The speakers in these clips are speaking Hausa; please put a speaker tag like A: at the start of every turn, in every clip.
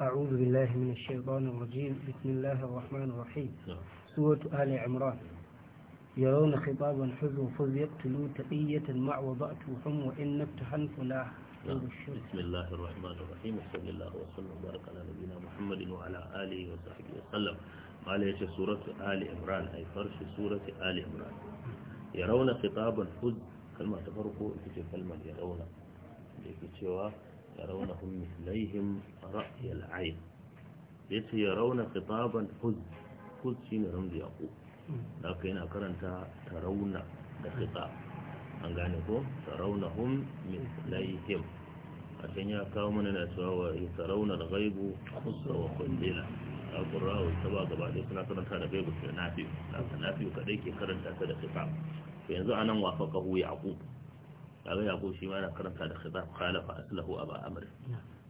A: أعوذ بالله من الشيطان الرجيم بسم الله الرحمن الرحيم نعم. سورة آل عمران يرون خطابا حزو فذ يقتلوا تقية مع وضعتهم وإن ابتحن فلا نعم. بسم
B: الله الرحمن الرحيم وصلى الله وسلم وبارك على نبينا محمد وعلى آله وصحبه وسلم عليه سورة آل عمران أي فرش سورة آل عمران يرون خطابا حزو كلمة تفرقوا في كلمة يرون لكي يرونهم مثليهم رأي العين yace ya rauna khitaban huz huz shine ramzi yaqub da kai na karanta tarauna da khitab an gane ko tarawnahum mithlaihim a can ya kawo mana na cewa wa tarawna al-ghaibu khusra wa kullila al-qurra wa taba gaba da suna karanta da gaibu sai nafi nafi kadai ke karanta ta da khitab to yanzu anan wafaqahu yaqub kaga yaqub shi ma yana karanta da khitab khalafa aslahu aba amr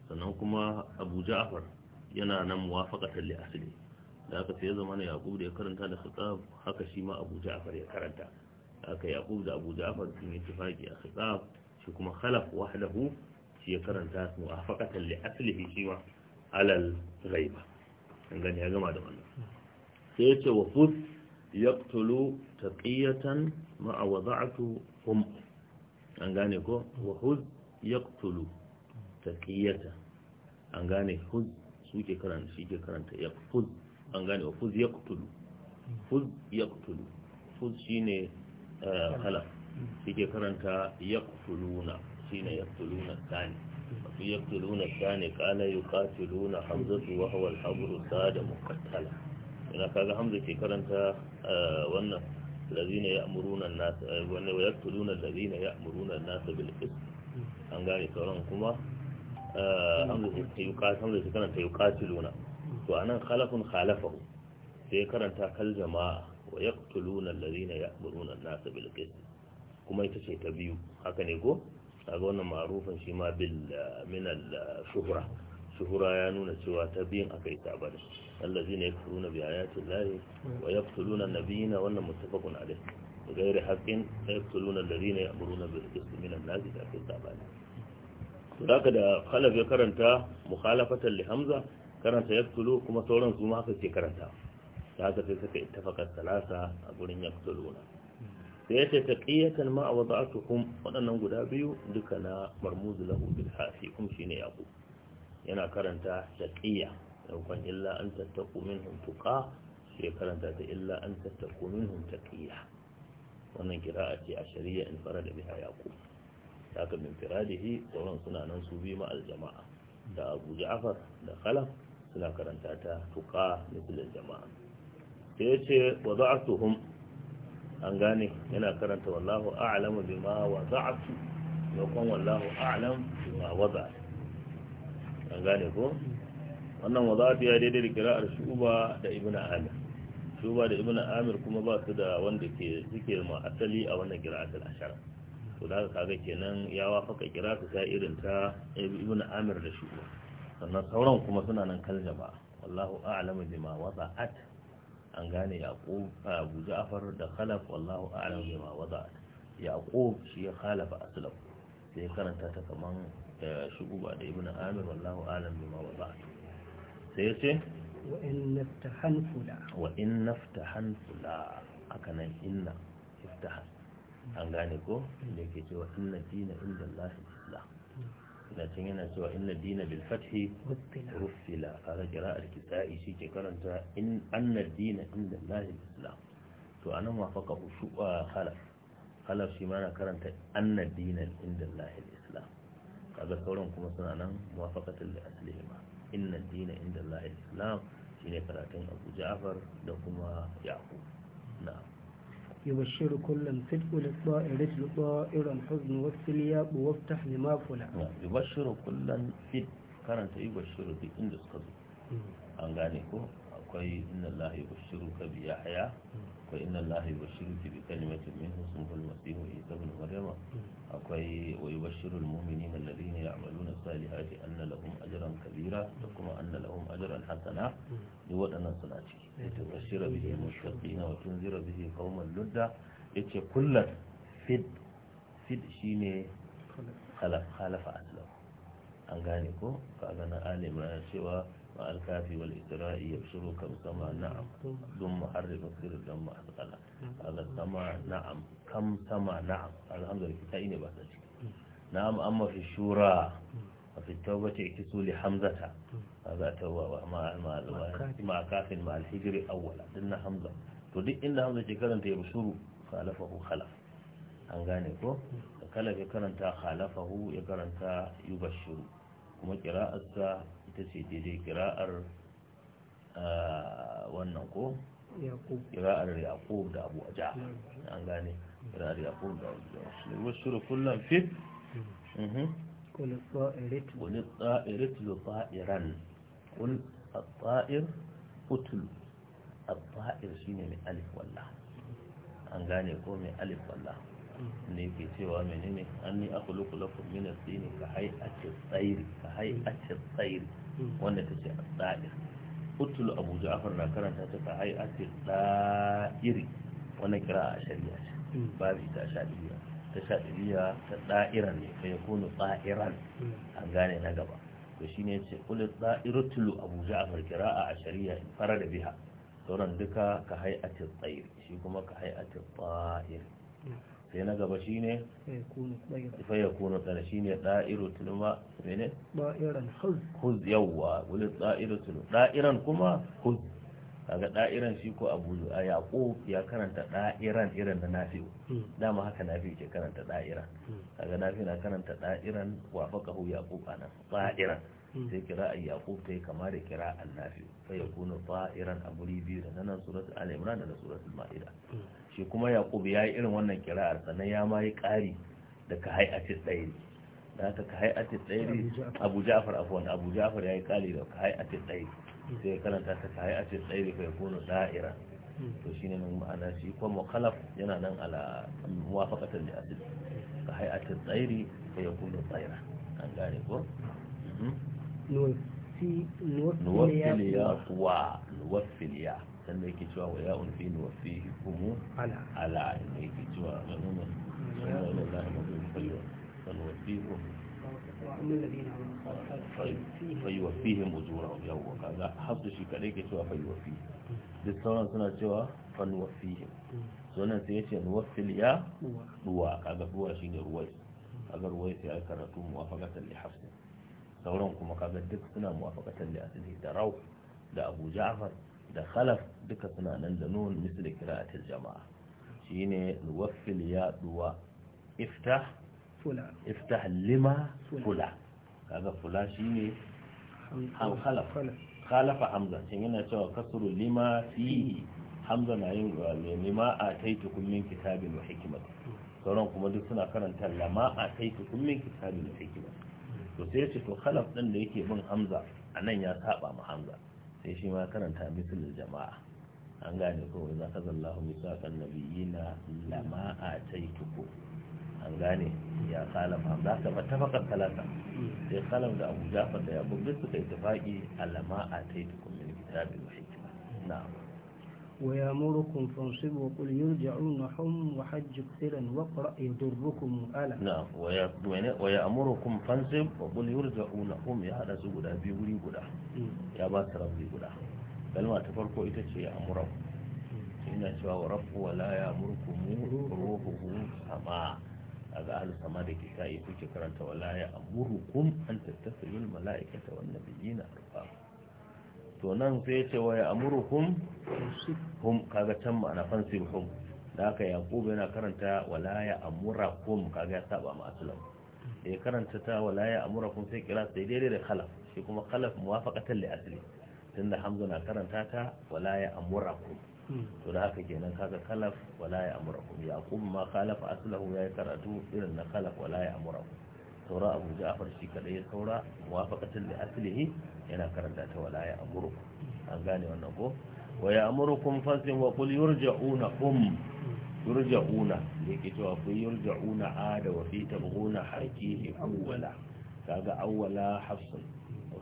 B: sannan kuma abu ja'far yana nan muwafaqatan li asli da haka sai zama ne yaqub da ya karanta da khitab haka shi ma abu ja'far ya karanta haka yaqub da abu ja'far sun yi tafaki a khitab shi kuma khalaf wahdahu shi ya karanta muwafaqatan li aslihi shi ma alal ghaiba an gani ya gama da wannan sai ya ce wa fus yaqtulu taqiyatan ma'a wada'atu hum an gane ko wa huz yaqtulu taqiyata an gane huz suke karanta shi ke karanta yaqfuz an gane wa huz yaqtulu huz yaqtulu huz shine eh, kala shi ke karanta yaqtuluna shine yaqtuluna tani wasu yaqtuluna tsani qala yuqatiluna hamzatu wa huwa al-habru sada muqattala ina kaga hamza ke karanta eh, wannan الذين يأمرون الناس ويقتلون الذين يأمرون الناس بالقسط an gane sauran kuma hamza su karanta yi katiluna to a nan khalafin khalafahu sai karanta kal jama'a wa ya tuluna lalina ya buruna nasa bilkis kuma ita ce ta biyu haka ne ko a ga wannan marufin shi ma bil minal shuhura shuhura ya nuna cewa ta biyun aka yi tabarin allazi ne ya furu na ce layi wa ya fitulu na nabiyina wannan mutafakun alai da gairi haƙin ta ya fitulu na lari ne ya buru na biyayatin nazi da aka yi tabarin to haka da khalaf ya karanta mukhalafatan li hamza karanta ya fitulu kuma sauran su ma haka ke karanta da haka sai suka ittafaka salasa a gurin ya fituluna sai ya ce ta taqiyatan ma a wada'atuhum waɗannan guda biyu duka na marmuzu lahu bil hafi kum shine yaqub yana karanta taqiya daukan illa an tattaqu minhum tuqa sai karanta ta illa an tattaqu minhum taqiya wannan kira'a ce a shari'a in farada biha yaqub haka min firadihi sauran suna nan su bi ma aljama'a da Abu Ja'far da Khalaf suna karanta ta tuqa kula jama'a sai yace wada'tuhum an gane yana karanta wallahu a'lamu bima wada'tu yakon wallahu a'lam bima wada'tu an gane ko wannan wazafi ya daidai da kira'ar shuba da ibn amir shuba da ibn amir kuma ba su da wanda ke suke ma asali a wannan kira'atul ashara to da kaga kenan ya wafaka kira'atu ta irin ta ibn amir da shuba sannan sauran kuma suna nan kalja ba wallahu a'lamu bima wada'at an gane yaqub abu ja'far da khalaf wallahu a'lamu bima wada'at yaqub shi ya khalafa aslahu sai karanta ta kaman da shuguba da ibn amir wallahu alam bima wa ba'd sai yace wa in naftahan fula wa in nan inna iftahan an gane ko da yake cewa inna dina inda Allah isla. ina cin yana cewa inna dina bil fathi ruffila kaga qira'ar a shi ke karanta in dina inda Allah isla. to a nan anan wafaka shu'a halar. Halar shi mana karanta anna dina inda Allah isla. kaga sauran kuma suna nan muwafaqatul li aslihima inna ad-dina inda Allah islam shine karatun Abu Ja'far da kuma Yaqub na'am
A: يبشر كل الصدق للطائر للطائر الحزن والسلياب وافتح لما فلع
B: يبشر كل صدق كانت يبشر دي عند الصدق an gane ko akwai inna Allah ya bashiru ka bi haya akwai inna Allah ya bashiru ki bi kalimatin min husn fil masih isa ibn maryam akwai wa yubashshiru al alladhina ya'maluna salihati anna lahum ajran kabira da kuma anna lahum ajran hasana ni waɗannan suna ciki ya tubashshira bihi mushaqina wa tunzira bihi qauman ludda yace kullan fid fid shine khalaf khalafa an gane ko kaga na ali cewa مع الكاف والإسراء يبشرك السمع نعم ثم حرف السر ثم أثقل هذا السمع نعم كم سمع نعم الحمد لله تأيني بعد نعم أما في الشورى وفي التوبة اعكسوا لحمزة هذا توبة مع مع مع كاف مع الحجر أولا دلنا حمزة تدق إن حمزة كرنت يبشر خالفه خلف an gane ko kalaf ya karanta khalafahu ya karanta yubashiru kuma kira'arsa ita ce daidai kira'ar wannan ko kira'ar yaƙo da abu aja an gane kira'ar yaƙo da abu aja wasu rukunan fit
A: wani fa'iran
B: wani tsa'ir tsa'ir shi ne mai alif wallah an gane ko mai alif wallah ne ke cewa menene an ni aka luku kula min as ka ka a ce tsairi ka a ce tsairi wanda ta ce a tsa'ir? utul abu ja'far na karanta ta ka a ce tsairi wani kira a shari'a hmm. babu ita shari'a ta shari'a ta tsa'iran ne yi yakunu tsa'iran hmm. a gane na gaba to ne ce kul tsa'iratul abu ja'far kira a shari'a fara da biha sauran duka ka a ce tsairi shi kuma ka a ce tsairi sai na gaba shi ne ya kunu tsara ɗa'iru tunu ma mene
A: da'iran huz
B: huz yawa wani ɗa'iru tunu da'iran kuma huz kaga da'iran shi ko abu a yaƙo ya karanta da'iran irin da nafi'u hmm. dama haka fi ke karanta da'iran hmm. kaga fi na karanta da'iran wa yaƙo a nan ɗa'iran hmm. sai kira a yaƙo ta yi kama da kira annafi fa kuna ɗa'iran a guri biyu da nan suratul al-imran da suratul ma'ida shi kuma yaqub ya yi irin wannan kira'ar sannan ya ma yi ƙari da ka a tsairi da haka ka a tsairi abu ja'far afwan abu ja'far ya yi ƙari da ka a tsairi sai ya karanta ta ka hay'ati da kai yakunu da'ira to shine nan ma'ana shi kuma mukhalaf yana nan ala muwafaqatan li adl ka hay'ati tsairi ya yakunu tsaira an gane ko
A: nuwafiliya
B: kuwa nuwafiliya sanda yake cewa wa ya unfi ni wa fi hukumu ala inda yake cewa ga nuna wa fi hukumu wa kaza shi kadai ke cewa fi duk sauran suna cewa hmm. sai ya ce ya kaga shi ne ruwai kaga ruwai sai karatu hafsin sauran kuma kaga duk suna muwafaqatan li da rau da abu ja'far da khalaf duka suna nan da nun misali kira'atul jama'a shine waffil ya duwa iftah fula iftah lima fula kaga fula shine khalaf khalafa hamza shin yana cewa kasru lima fi hamza na yin lima a taitu min kitabin wa hikmatin sauran kuma duk suna karanta lama a taitu tukun kitabin wa hikima to sai ce to khalaf din da yake bin hamza a nan ya saba ma hamza sai shi ma karanta misalin jama'a an gane ko za zaka zallahu misakan nabiyina lama a taituku an gane ya kalam hamza ka matafakar talata sai kalam da abu jafar da ya bugdus suka yi tafaki alama a taituku min kitabin hikima na'am
A: ويامركم فانصبوا وقل يرجعون نحم وحج كثيرا واقرأ يضركم ألا
B: نعم ويامركم فانصب وقل يرجعون نحم يا هذا سوء ده بيقولي قدا يا باس ربي قدا كلمة تفرقوا إتشي يأمرهم إن شاء ورفع ولا يأمركم روحه سماء هذا أهل السماء دي كتائي في كرانت ولا يأمركم أن تتخذوا الملائكة والنبيين أربابا to nan sai ya ce wa ya hum kaga can ma'ana fansir hum da haka yaqub yana karanta wala ya kaga ya saba ma aslam da ya karanta ta wala ya amurakum sai kira sai daidai da khalaf shi kuma khalaf muwafaqatan li asli tunda hamza na karanta ta wala ya to da haka kenan kaga khalaf wala ya amurakum yaqub ma fa aslahu ya karatu irin na khalaf wala ya saura abu ja'far shi kadai ya saura wafaqatan li aslihi yana karanta ta wala ya amuru an gane wannan ko wa ya amurukum fasin wa qul yurja'una um yurja'una yake cewa ku yurja'una ada wa fi tabghuna haqihi awwala kaga awwala hafsun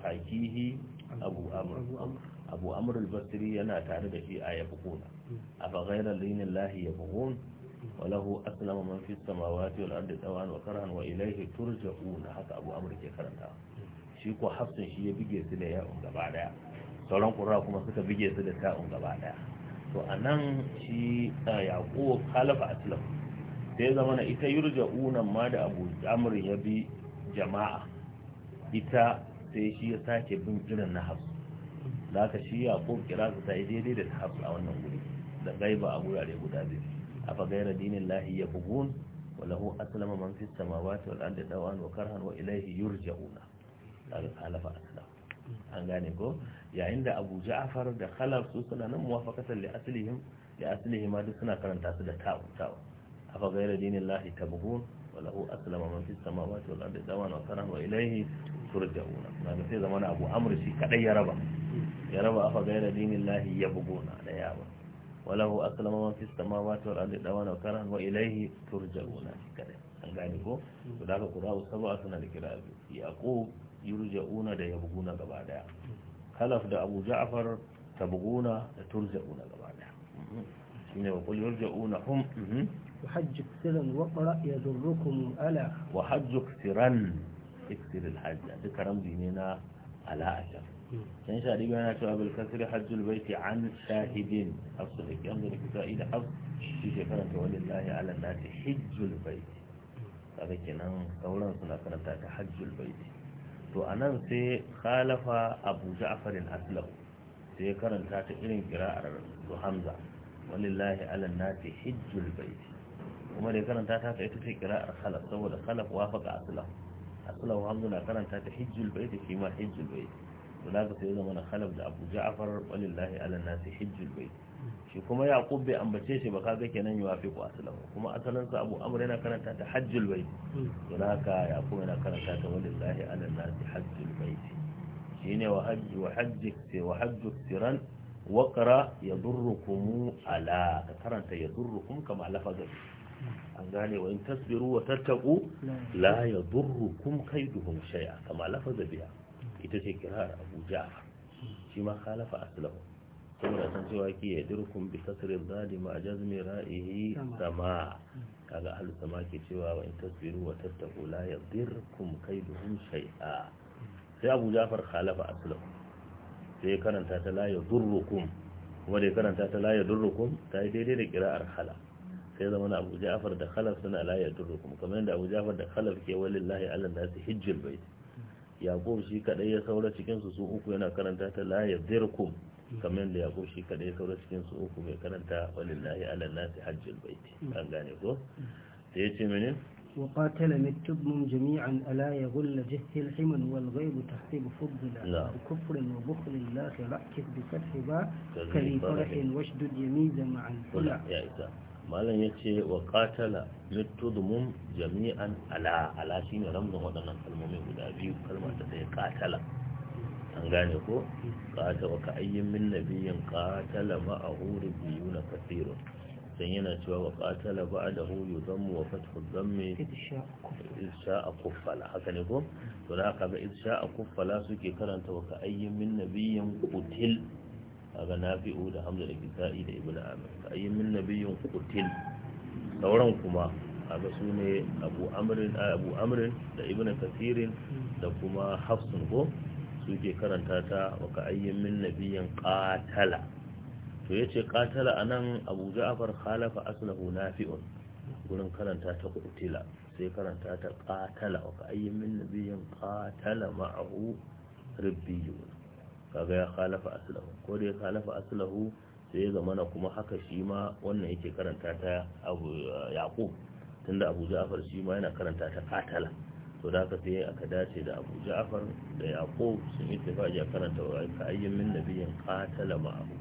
B: haqihi abu amr abu amr al-basri yana tare da shi a yabquna afa ghayra dinillahi yabghun وله أسلم من في السماوات والأرض طوعا وكرها وإليه ترجعون haka Abu ke karanta shi ko Hafsin shi ya bige su da ya'un gaba daya sauran ƙura kuma suka bige su da gaba daya to anan shi Yaqub khalafa aslam sai zama na ita yurja'una ma da Abu Amr ya bi jama'a ita sai shi ya sake bin kiran na Hafs da shi Yaqub kira su sai daidai da Hafs a wannan guri da gaiba a gurare guda biyu أفغير دين الله يبغون وله أسلم من في السماوات والأرض دوان وكرها وإليه يرجعون هذا خالف أسلم an gane ko yayin da abu ja'afar da khalaf su suna nan muwafaqatan li aslihim li aslihim ma duk suna karanta su da ta'u ta'u afa ghayra dinillahi tabghun wa lahu aslama man fis samawati wal ardi dawan wa karan wa ilayhi turja'una na sai zaman abu amr shi kadai ya raba ya raba afa ghayra dinillahi yabghuna da yawa walahu aslama man fis samawati wal ardi dawana wa karahan wa ilayhi turja'una kada an gane ko to da ka qura'u sab'a suna da kira yaqub yurja'una da yabguna gaba daya khalaf da abu ja'far tabguna da turja'una gaba daya shine wa qul yurja'una hum وحج اكسرا وقرأ يضركم ألا وحج اكسرا اكسر الحج ذكر رمزي هنا ألا أشر كان شعري بنا شعب الكسر حج البيت عن شاهد أصلك ينظر كتائي لحظ في شكرا ولله على الناس حج البيت هذا كنا قولا سنة كانت حج البيت to a nan sai khalafa abuja ja'farin aslam sai karanta ta irin kira'ar su hamza walillahi ala nati hijjul bait kuma da karanta ta ta ita ce kira'ar khalaf saboda khalaf wafaka aslam aslam hamza na karanta ta hijjul bait shi ma hijjul bait to da sai zama na khalaf da abu ja'far walillahi ala nasi hijjul bait shi kuma yaqub bai ambace shi ba kaga kenan yuwafiqu aslan kuma asalin sa abu amr yana karanta ta hajjul bait to da haka yaqub yana karanta ta walillahi ala nasi hajjul bait shine wa hajji wa hajji sai wa hajju tiran wa qara yadurrukum ala ka karanta yadurrukum kama lafazin an gane wa in tasbiru wa tattaqu la yadurrukum kaiduhum shay'a kama lafazin biya ita ce kirar abu ja'far shi ma khalafa kuma da san cewa ki ya dirkum bi kasrin zadi ma jazmi ra'ihi sama kaga ahli sama ke cewa wa in tasbiru wa tattaqu la yadirkum kaiduhum shay'a sai abu ja'far khalafa aslahu sai ya karanta ta la yadurrukum kuma da ya karanta ta la yadurrukum ta yi daidai da kira'ar khala sai zama abu ja'far da khalaf suna la yadurrukum kamar yadda abu ja'far da khalaf ke walillahi ala nasi hijjil bait yaqub shi kadai ya saura cikin su su uku yana karanta ta la yadirkum kamar da yaqub shi kadai ya saura cikin su uku bai karanta walillahi ala nasi hajjul bait an gane ko sai jami'an ce mene
A: وقاتل متبن جميعا ألا يغل جه الحمن والغيب تحسب فضلا بكفر وبخل الله رأكب بفتح با كذي فرح واشدد يميز مع
B: الفلا malam ya ce wa katala littudumun jami'an ala ala shi ne ramdin waɗannan kalmomi guda biyu kalmar ta ɗaya katala an gane ko kata wa ka'ayyin min nabiyin katala ma'ahu biyu na kasirun dan yana cewa wa ba qatala ba'dahu yudammu wa fathu dhammi a kuffala haka ne ko to da haka ga a kuffala suke karanta wa ka'ayyin min nabiyyin qutil kaga nafi'u da hamza da kisa'i da ibnu amir ka ayyin min nabiyyun qutil sauran kuma kaga su abu amrin abu amrin da ibnu kasirin da kuma hafsun ko ke karanta ta wa ka ayyin min nabiyyin qatala to yace qatala anan abu ja'far khalafa aslahu nafi'un gurin karanta ta qutila sai karanta ta qatala wa ka ayyin min nabiyyin qatala ma'ahu rabbiyun kaga ya khalafa aslahu ko da ya khalafa aslahu sai ya zamana kuma haka shi ma wannan yake karanta ta abu eh, yaqub tunda abu ja'far shi ma yana karanta ta qatala to da ka sai aka dace da abu ja'far da yaqub sun yi tafaji karanta wa ka ayyin min nabiyyin qatala ma'ahu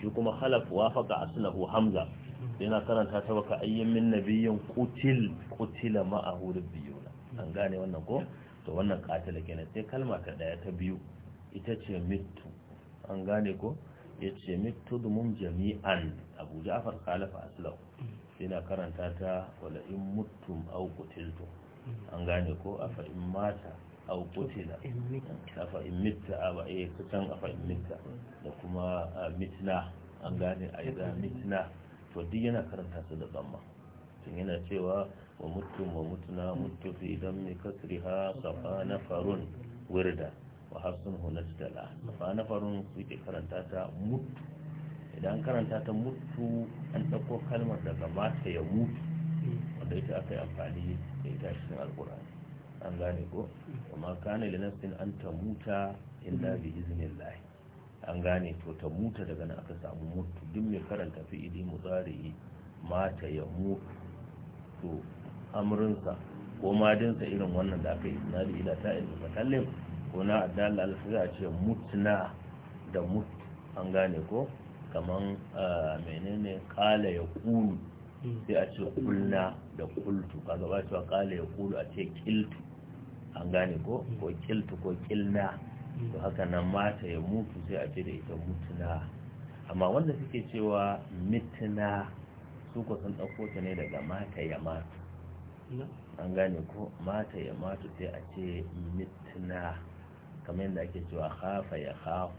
B: shi kuma khalaf wafaqa aslahu hamza yana karanta ta baka ayyin min nabiyin qutil qutila ma'ahu rabbiyuna an gane wannan ko to wannan qatala kenan sai kalma ta daya ta biyu ita ce mitu an gane ko ya ce mitu dumun jami'an abu ja'afar kalafa aslau yana karanta ta wala in mutum au kutiltum an gane ko afa in mata au kutila afa in mitta ba eh kusan afa in mita da kuma mitna an gane a idan mitna to duk yana karanta su da zamma tun yana cewa wa mutum wa mutuna mutu fi idan mai kasriha safa na farun wirda wa hasun hunastala fa na farun suke karanta ta mutu idan karanta ta mutu an ɗauko kalmar daga mata ya mutu wanda ita aka yi amfani da ita cikin alkurani an gane ko kuma kana da nafsin an ta muta illa bi izinin lahi an gane to ta muta daga nan aka samu mutu duk mai karanta fi'ili mutsari mata ya mutu to amrinsa ko madinsa irin wannan da aka yi sinadi ila ta'in da gona a dalal alfi a ce mutna da mut an gane ko kaman menene kala ya kulu hmm. sai a ce kulna da kultu ka ba cewa kala ya kulu a ce kiltu an gane ko hmm. ko kiltu ko kilna hmm. to haka nan mata ya mutu sai a ce da ita mutuna amma wanda suke cewa mituna su ko sun ɗauko ta ne daga mata ya matu an gane ko mata ya matu sai a ce mituna kamar yadda ake cewa khafa ya khafu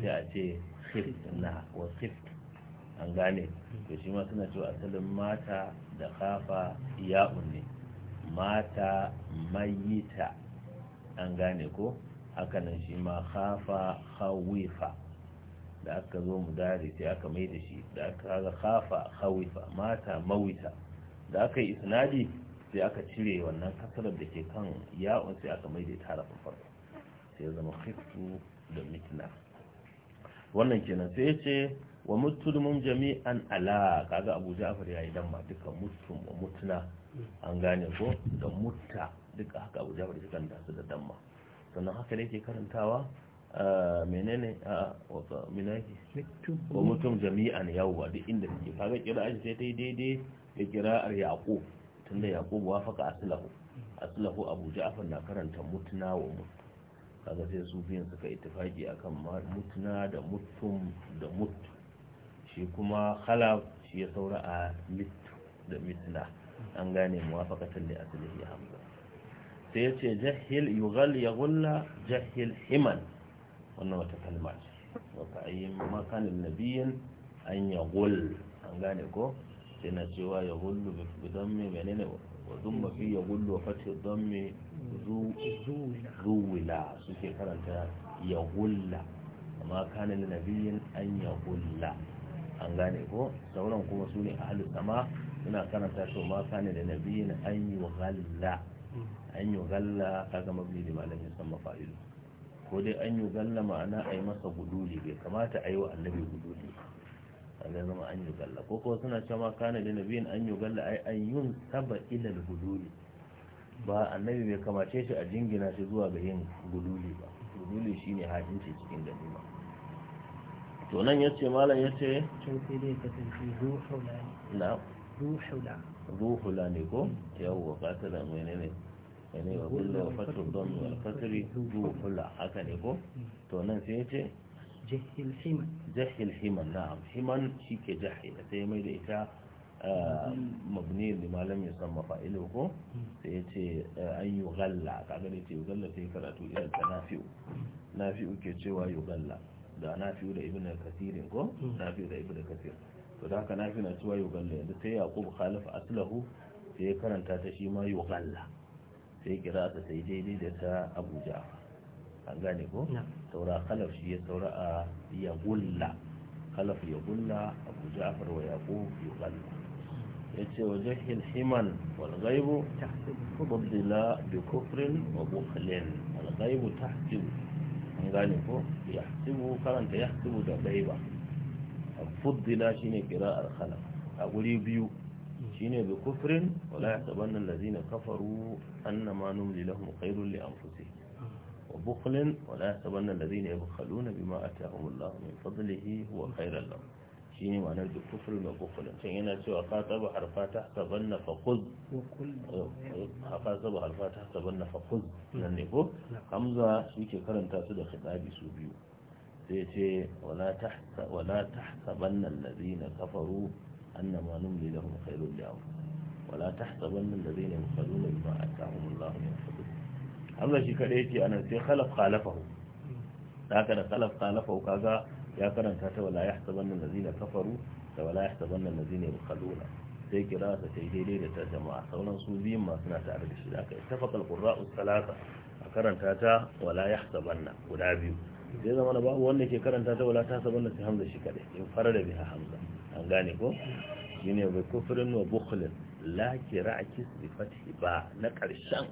B: sai a ce khif na wa khif an gane to shi ma suna cewa asalin mata da khafa ya ne mata mayita an gane ko hakanan shi ma khafa khawifa da aka zo mu dare sai aka mai da shi da aka ga khafa khawifa mata mawita da aka yi isnadi sai aka cire wannan kasarar da ke kan ya'un sai aka mai da ta farko sai ya zama khiftu da mitna wannan kenan sai ya ce wa mutulmun jami'an ala kaga abu ja'far yayi dan ma duka mutum wa mutuna an gane ko da mutta duka haka abu ja'far dukan da su da damma sannan haka ne ke karantawa ah, menene a ah, minaki wa mutum jami'an yawwa duk inda take kaga kira aji sai yi daidai da kira'ar yaqub tunda yaqub wafaka aslahu aslahu abu ja'far na karanta mutuna wa mutta kaga sai sufiyan suka ittifaki akan mutuna da mutum da mut shi kuma khala shi ya saura a mit da mitna an gane muwafaqatan li aslihi hamza sai ya ce jahil yughal yughalla jahil himan wannan wata kalma ce wata ma makanin nabiyin an yaghul an gane ko sai na cewa yaghullu bi dammi menene mafi في يقول فتح الضم زولا سوكي كرنتا يغلا وما كان لنبي أن يغلا an gane ko sauran kuma su ne ahalu sama suna karanta su ma kane da nabiyin an yi ghalla an yi Ta kaga mabni da malam ya san mafa'ilu ko dai an yi ghalla ma'ana yi masa guduli bai kamata yi wa annabi guduli ba zai zama an yi galla ko kuma suna cewa kana da nabiyin an yi galla ai an yi saba ilal guduli ba annabi bai kamace shi a jingina shi zuwa ga yin guduli ba guduli shine hajinci cikin ganima to nan yace malam yace to sai dai ka tafi ruhula na ruhula ruhula ne ko yawwa da menene ne wa kullu fatu dam wa fatri ruhula haka ne ko mm. to nan sai yace jahil himan jahil himan na'am himan shike jahil sai mai da ita mabni da malam ya san mafa'ilu ko sai ya ce an yi galla kaga da ce yi galla sai karatu irin ta nafi'u nafi'u ke cewa yi galla da nafi'u da ibn kasirin ko nafi'u da ibn kasir to da haka nafi na cewa yi galla yadda sai yaqub khalif aslahu sai ya karanta ta shi ma yi galla sai kira ta sai daidai da ta abuja an gane ko saura khalaf shi ya saura a ya gulla khalaf ya gulla abu afar wa yaqub ya gulla yace wajhil himan wal ghaibu tubdila bi kufrin wa bukhlin wal ghaibu tahsibu an gane ko yahsibu karanta yahsibu da ghaiba fuddila shine qira'ar khalaf a guri biyu shine bi kufrin wala yahsabanna allazina kafaru annama numli lahum khairul li anfusihim وبخل ولا يحسبن الذين يبخلون بما أتاهم الله من فضله هو خير لهم شيني معنى الكفر وبخل شيني سوى قاتب حرفا تحسبن فخذ قاتب حرفا تحسبن فخذ لنكو حمزة شيكي كرن تاسد خطابي سوبيو سيتي ولا تحسب ولا تحسبن الذين كفروا أنما نملي لهم خير لهم ولا تحسبن الذين يبخلون بما أتاهم الله من فضله hamza shi kada ce anan sai khalaf khalafahu haka da khalaf khalafahu kaga ya karanta ta wala ya yahsabanna allazina kafaru da wala ya yahsabanna allazina yabkhaluna sai kira ta sai daidai da ta jama'a sauran su biyun ma suna tare da shi haka ittafaqal qurra'u salasa a karanta ta wala ya yahsabanna guda biyu sai zama na babu wanda ke karanta ta wala ta sabanna sai hamza shi kadai in fara da biha hamza an gane ko shine bi kufrin wa bukhlin la kira'a kis bi fathi ba na karshen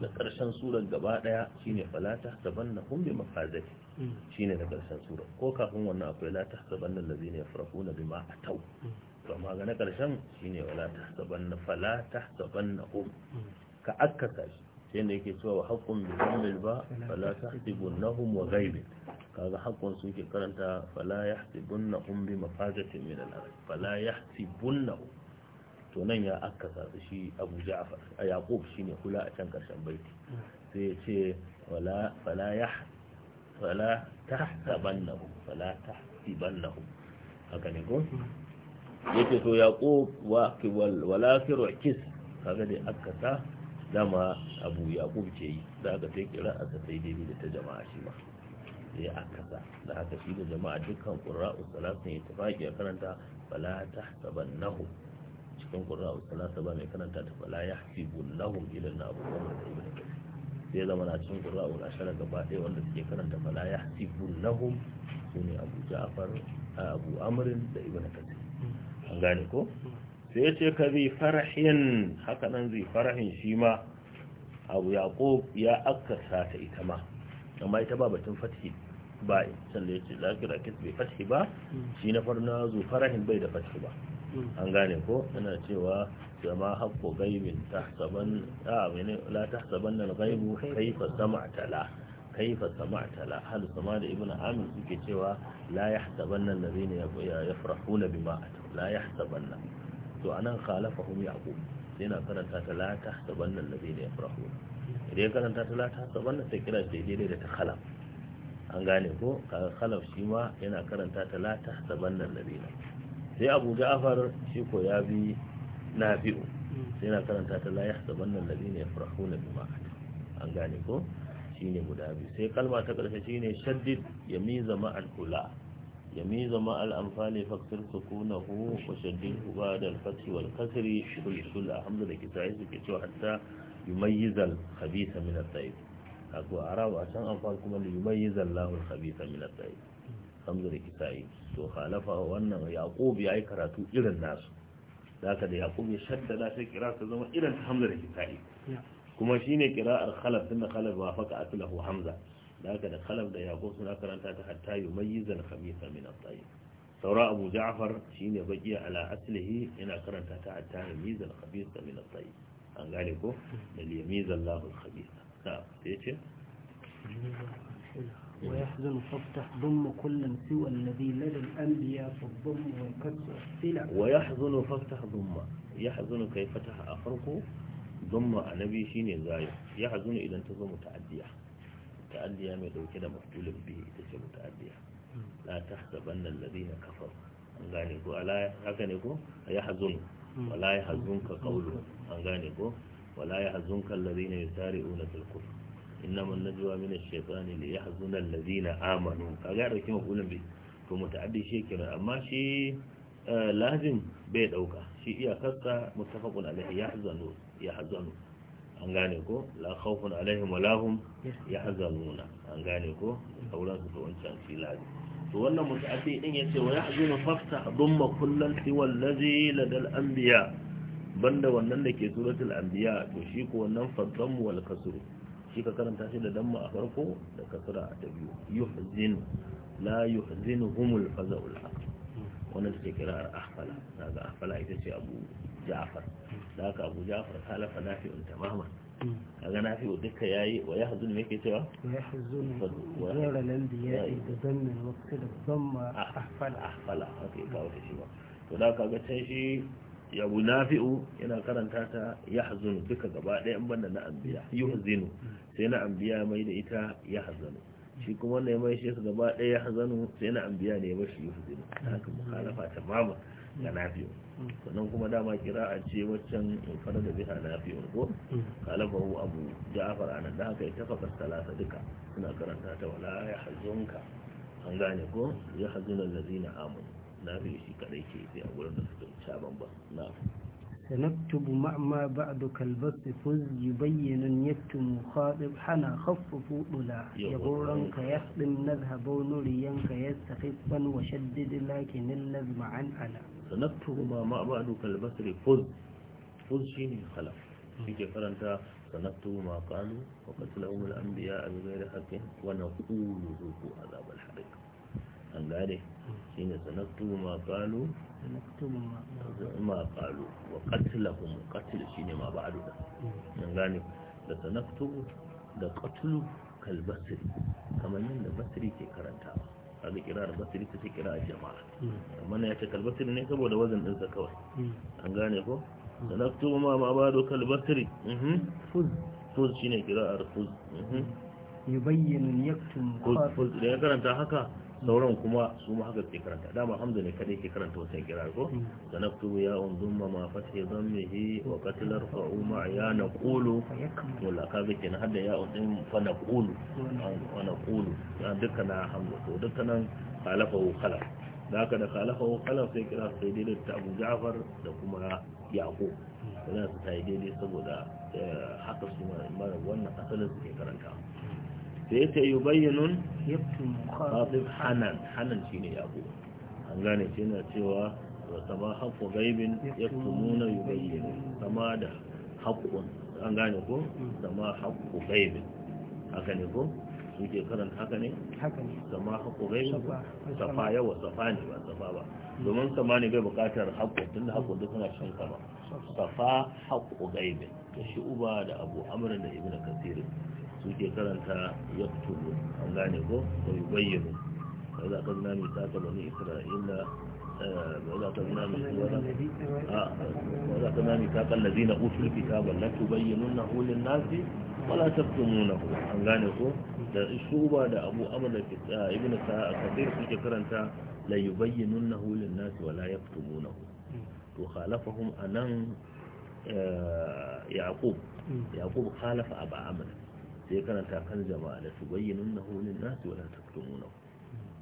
B: na ƙarshen surar gaba ɗaya shine falata saban na hun bi mafazati mm. shine na ƙarshen surar ko kafin wannan akwai lata saban na lazi ne farko na bima a tau mm. to amma ga na ƙarshen shine walata saban na falata saban na hun mm. ka akkasa shi sai da yake cewa haƙƙun bi zammil ba fala na nahum wa ghaibin kaga haƙƙun su ke karanta fala yahtibun nahum bi mafazatin min al-arab fala na nahum to nan ya aka sasu shi abu ja'far a shi shine kula a can ƙarshen baiti sai ya ce wala hu ya ta tahsabannahu na hu haka ne ya ce so yaƙub wa kiwal wala kiru kis kaga dai aka sa dama abu yaƙub ce yi Za ka sai kira a sai daidai da ta jama'a shi ma sai aka sa da haka shi da jama'a dukkan qurra'u salatin a karanta na hu cikin ƙura'u salasa ba mai karanta ta fala ya hasibun lahum ilin na abubuwan da ibn kasir sai zama na cikin ƙura'u na shara gaba ɗaya wanda suke karanta fala ya hasibun lahum su ne abu a abu amrin da ibn Kasi. an gane ko sai ya ce ka zai farahin haka nan zai farahin shi ma abu yaƙo ya sa ta ita ma amma ita ba batun fatihi ba sanda ya ce lafi rakit bai fatihi ba shi na na zo farahin bai da fatihi ba an gane ko ana cewa jama haƙƙo gaibin tahsaban a ah, mene la nan gaibu kaifa sama'tala kaifa sama'tala hal sama da ibnu amin suke cewa la yahsaban nan zai ladina na bima la yahsaban nan to anan khalafahum yaqub yana karanta ta la tahsaban nan zai ya yafrahuna idan karanta ta la tahsaban nan sai kira shi daidai da ta khalaf an gane ko kaga khalaf shi ma yana karanta ta la tahsaban nan ladina sai abu ja'afar shi ko ya bi na biyu sai na karanta ta ne yahsabanna na yafrahuna bima an gane ko shine guda biyu sai kalma ta karshe shine shaddid ya mi zama kula yamiza ma al-anfali faksir hu wa shaddid ba'da al-fathi wal kasri shul shul alhamdulillah kitai suke cewa hatta mai yi zal habisa minar tayyib a arab a can amfani kuma yi mai yi zal lahun habisa minar tayyib samzur isa'i to khalafa wannan yaqub yayi karatu irin nasu zaka da yaqub ya da sai kira ta zama irin ta hamza da isa'i kuma shine kira'ar khalaf tunda khalaf wa faqa atlahu hamza zaka da khalaf da yaqub suna karanta ta hatta yumayyiza al-khabitha min at-tayyib saura abu ja'far shine baqiya ala aslihi yana karanta ta hatta yumayyiza al-khabitha min at-tayyib an gane ko da mm. yumayyiza Allahu al-khabitha ta yace
A: ويحزن فافتح ضم كلا سوى الذي لدى الأنبياء فالضم والكسر السلع ويحزن
B: فافتح ضم يحزن كي فتح أخرقه ضم النبي شيني زايد يحزن إذا انتظم متعدية متعدية ما لو كده مفتول به تجي متعدية لا تحسب أن الذين كفروا an gane ko ala haka ne ko ya hazun wala ya hazunka qawlu an gane ko wala ya hazunka alladhina yusari'una fil kufr إنما النجوى من الشيطان ليحزن الذين آمنوا كغير كما قولن بي to muta'addi shi kenan amma shi lazim bai dauka shi iya iyakarsa muttafaqun alaihi yahzanu yahzanu an gane ko la khawfun alaihim wa lahum yahzanuna an gane ko sauran su wancan shi lazim to wannan muta'addi din yace wa yahzunu faftah dumma kullal siwa allazi ladal anbiya banda wannan da ke suratul anbiya to shi ko wannan fadhamu wal kasru shi ka karanta shi da damma a farko da ta biyu yuhzinu la faza'ul wannan take kira ahfala daga ahfala ita ce abu ja'far da abu ja'far halafa nafi'un tamaman kaga yayi wa yahzun me yake cewa
A: yahzun wa yara da zanna
B: ahfala ahfala shi ba to sai shi ya bu nafi'u yana karanta ta ya hazunu duka gaba ɗaya banda na ambiya yuhzinu sai na ambiya mai da ita ya hazanu shi kuma wanda ya mai shi su gaba ɗaya ya hazanu sai na ambiya ne ya mashi
C: ta haka mukhalafa mama ga
B: nafi'u sannan kuma dama kira a ce waccan fara da biha nafi'u ko hu abu ja'afar anan da haka ya tafa salasa duka suna karanta ta wala ya hazunka an gane ko ya hazuna allazina amanu na biyu shi kadai ke yi a wurin da suke caban ba na
A: sanaktubu ma'ama ba da kalbar tsifin yi yadda mu haɗe hana haffafu ɗula ya goron ka ya ɗin na zaba nuri yanka ya tafiffan wa shaddidi laki nin na zama'an ala
B: sanaktubu ma'ama ba da kalbar tsifin fuz shi ne hala shi ke faranta sanaktubu ma'akalu wa katila umar an biya a zagayar hakin wani ƙulu zuku a zabar hadin an gane shi ne sanattu ma kalu ma kalu wa katilahun katil shi ne ma ba'adu da
C: mm.
B: an gane da sanattu da katulu kalbasiri kamar da basiri ke karantawa kaga kirar basiri ta ce kira jama'a mm. amma na ya ce kalbasiri ne saboda wazin ɗinsa kawai mm. an gane ko sanattu ma ma ba'adu kalbasiri mm-hmm. fuz fuz shi ne kirar fuz mm-hmm.
A: yubayyin yaktum fuz fuz
B: da ya karanta haka sauran kuma su ma haka ke karanta dama hamza ne kadai ke karanta wasan kira ko hmm. da naktubu ya un ma ma fathi dhammihi wa qatl arfa'u ma ya naqulu wala ka ga na hadda ya un kulu, fa naqulu wa naqulu dukkanan hamza to dukkanan khalafa wa khalaf da haka da khalafa wa khalaf sai kira sai dai da Abu Ja'far da kuma Yaqub na hmm. su ta yi daidai saboda eh, haka su ma wannan asalin su ke karanta sai ya ce yi bayyanun haɗin hannun hanan shi ne yaƙo an gane shi na cewa wa ba haƙo gaibin ya nuna yi bayyanun sama da haƙon an gane ko sama mm. haƙo gaibin haka ne ko su ke karanta haka ne sama haƙo gaibin safa yawa safa ne ba safa ba mm. domin sama ne bai buƙatar haƙo tun da haƙo duk suna shan sama safa haƙo gaibin da shi uba da abu amurin da ibn kasirin ke karanta ya kutubu an gane ko ko yi bayyano wai za ka zina mai taka bani isra'ila eh, wai za ka zina mai tsawara
C: ah, a za ka zina mai
B: taka lazina usul kitaban la tubayyinun na hulun nasi wala taftumunahu an gane ko da shuba da abu abada eh, ibn kathir ke karanta la yubayyinunnahu lin nas wala yaktumunahu to khalafahum anan eh, yaqub hmm. yaqub khalafa aba amr sai karanta kan jama'a da su bayyinin na hulun nasu wala ta kurmuna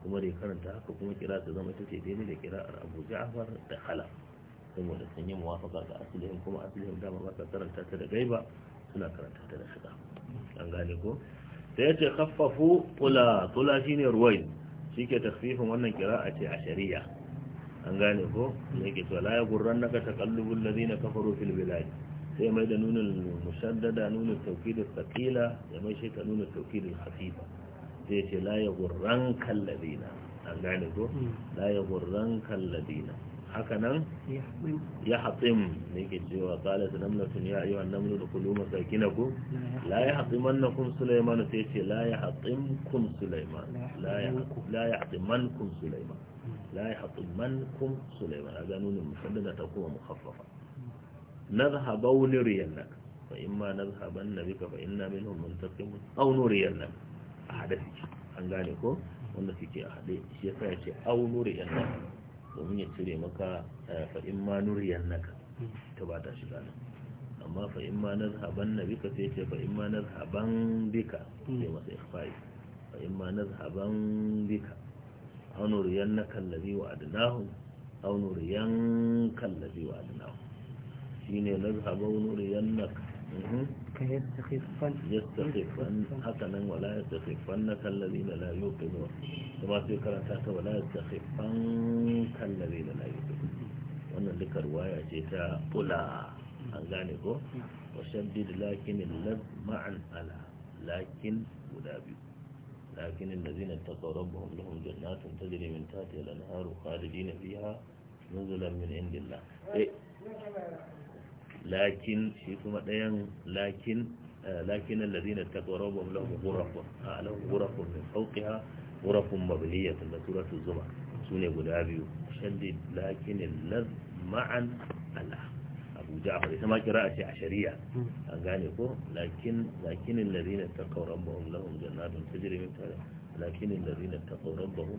B: kuma da karanta haka kuma kira ta zama ta ce daidai da kira'ar abu ja'far da khala saboda sun yi muwafaka ga asilihim kuma asilihim dama ba ka karanta ta da gaiba suna karanta ta da shiga an gane ko sai yace khaffafu tula tula shine ruwai shike tafifin wannan kira a ce a shari'a an gane ko yake to la yaghurrannaka taqallubul ladina kafaru fil bilad هي ما نون المشددة نون التوكيد الثقيلة يا ما يشيك نون التوكيد الخفيفة زي لا يغرنك الذين أنقعني تقول لا يغرنك الذين حكنا نعم؟ يحطم نيكي جوا قالت نملة يا أيها النمل دخلوا مساكنكم لا يحطمنكم سليمان تيتي لا يحطمكم سليمان لا يحطم لا يحطمنكم سليمان لا يحطمنكم سليمان هذا نون المشددة تكون مخففة نذهب أو نرينك فإما نذهب النبي فإنا منهم منتقمون أو نرينك أحدثك an gane ko wanda suke a haɗe shi yasa ya ce au nuriyan naka domin ya cire maka fa'in ma ba ta shiga amma ma na zahaban na bika sai ce fa'in ma bika sai ma bika nuriyan wa nuriyan shine nazhaba na ka yastakhifan yastakhifan haka nan wala yastakhifan na kallabi na la yuqinu da ba sai karanta ta wala yastakhifan kallabi na la yuqinu wannan duka ruwaya ce ta kula an gane ko hmm. wa shaddid lakin lad ma'an ala lakin guda biyu lakin ta allazina taqaw rabbuhum lahum jannatun tajri min ta tahtiha al-anharu khalidina fiha nuzulan min indillah eh لكن في كما دين لكن آه، لكن الذين اتقوا ربهم لهم غرف آه، لهم غرف من فوقها غرف مبنية بسورة الزمر سنة غلابي شدد لكن اللذ معا على أبو جعفر إذا ما كراءة عشرية أقانيكو لكن لكن الذين اتقوا ربهم لهم جنات تجري من تلك لكن الذين اتقوا ربهم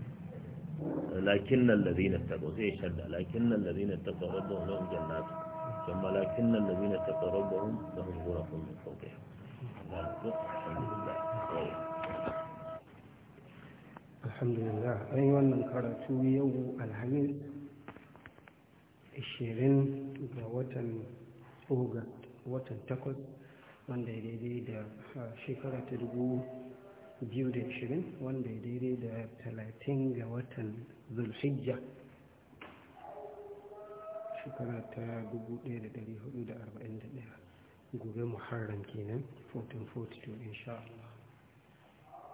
B: لكن الذين اتقوا زي شد لكن الذين اتقوا ربهم لهم جنات كما ولكن الذين اتقوا ربهم لهم غرف من فوقها
A: الحمد لله أي wannan karatu yau alhamis 20 ga watan oga watan takwas wanda ya daidai da ta dubu da 2020 da 30 ga watan zulhijja shekara ta 1441 gobe muharram kenan 1442 insha Allah